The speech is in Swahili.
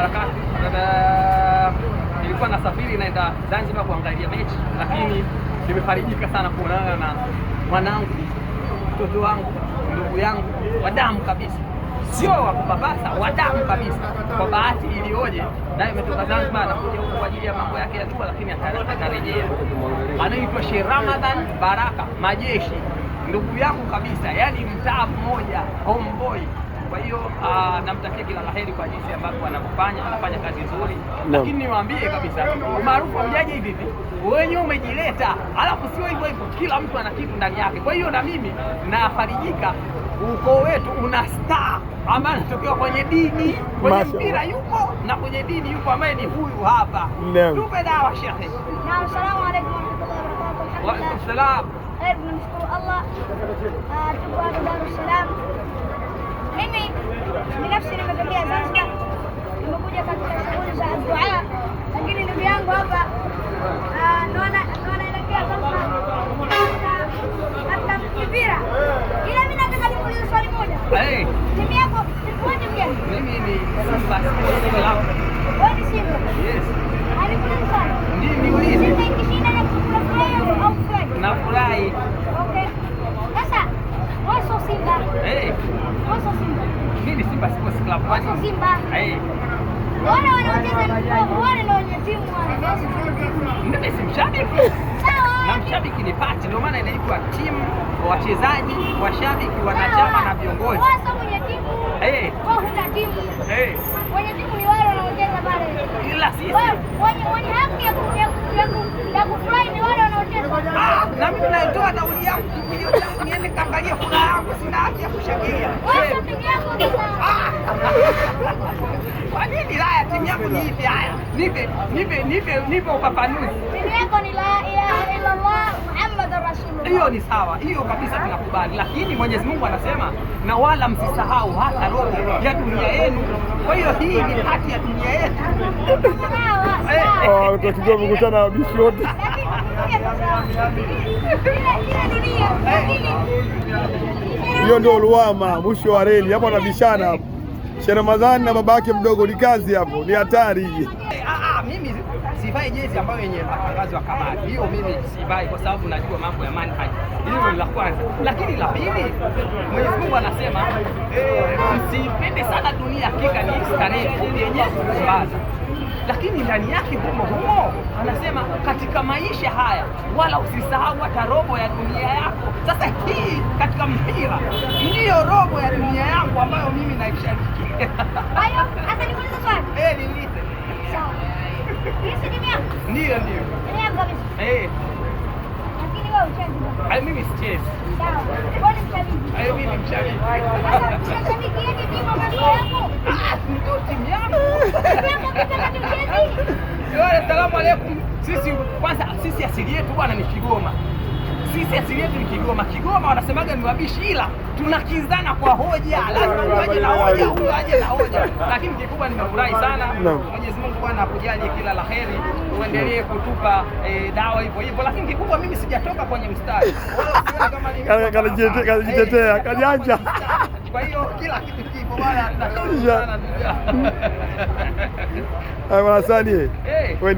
Harakati nilikuwa nasafiri naenda Zanzibar kuangalia mechi, lakini nimefarijika sana kuonana na mwanangu, mtoto wangu, ndugu yangu wa damu kabisa, sio wa kubabasa, wa damu kabisa. Kwa bahati iliyoje, naye ametoka Zanzibar anakuja huko kwa ajili ya mambo yake ya dua, lakini atarejea. Anaitwa Sheikh Ramadhan Baraka Majeshi, ndugu yangu kabisa, yani mtaa mmoja, homeboy kwa hiyo ah, namtakia kila la heri kwa jinsi ambavyo anafanya, anafanya kazi nzuri, lakini niwaambie kabisa umaarufu wa hivi vipi, wenyewe umejileta, alafu sio hivyo hivyo, kila mtu ana kitu ndani yake. Kwa hiyo na mimi nafarijika ukoo wetu una star ambaye anatokea kwenye dini, kwenye mpira yuko na kwenye dini yuko, ambaye ni huyu hapa. Tupe dawa shekhe. Naam, salamu alaykum warahmatullahi wabarakatuh. Wa alaykum salam. Eh, tunamshukuru Allah ah, tuko hapa Dar es Salaam. Mimi binafsi nimetokea Zanzibar, nimekuja katika shughuli za duaa, lakini ndugu yangu hapa ah, naelekea katika mpira, ila mimi nataka nikuulize swali moja. Timu yako ilikuwaje Mimi ni Mimi ni Simba Sports Club. Mimi si mshabiki. Na mshabiki ni party, ndio maana inaitwa timu, wachezaji, washabiki, wanachama na viongozi. Eh. Eh. Wenye timu ni wale wanaocheza pale. Ila sisi wenye haki ya kufurahi ni wale wanaocheza. Ah, na mimi naitoa nauli yangu niende kaangalia Shangilia. Ah, kwa nini Laya? Timu yako ni ipi? Haya, nipe nipe nipe nipe ufafanuzi. Timu yako ni la ilaha illa Allah Muhammadur Rasulullah. Hiyo ni sawa, hiyo kabisa tunakubali, lakini Mwenyezi Mungu anasema na wala msisahau hata roho ya dunia yenu. Kwa hiyo hii ni hati ya dunia yetu. Sawa. Eh, ah, Tutakutana wabishi wote hiyo ndio luama mwisho wa reli hapo, anabishana hapo Sheremadhani na baba yake mdogo. Ni kazi hapo, ni hatari hii. Ah, ah, mimi sivai jezi ambayo yenye matangazo ya kamari hiyo, mimi sivai kwa sababu najua mambo ya manhaj. Hilo ni la kwanza, lakini la pili, Mwenyezi Mungu anasema eh, msipende sana dunia, hakika ni starehe yenye kubaza lakini ndani yake humo humo anasema katika maisha haya, wala usisahau hata robo ya dunia yako. Sasa hii katika mpira ndiyo robo ya dunia yangu ambayo mimi naishabikia. Eh, eh. Mimi sichezi. Salamu alaikum. Sisi kwanza, sisi asili yetu bwana ni Kigoma sisi asili yetu ni Kigoma. Kigoma wanasemaga ni wabishi, ila tunakizana kwa hoja, lazima tuaje na hoja, huyo aje na hoja. Lakini kikubwa nimefurahi sana, Mwenyezi Mungu Bwana akujalie kila la heri, uendelee kutupa eh, dawa hivyo hivyo. Lakini kikubwa mimi sijatoka kwenye mstari kajitetea, eh, kajanja. Kwa hiyo kila kitu kipo bwana, tunashukuru sana. Bwana Sani, eh. wewe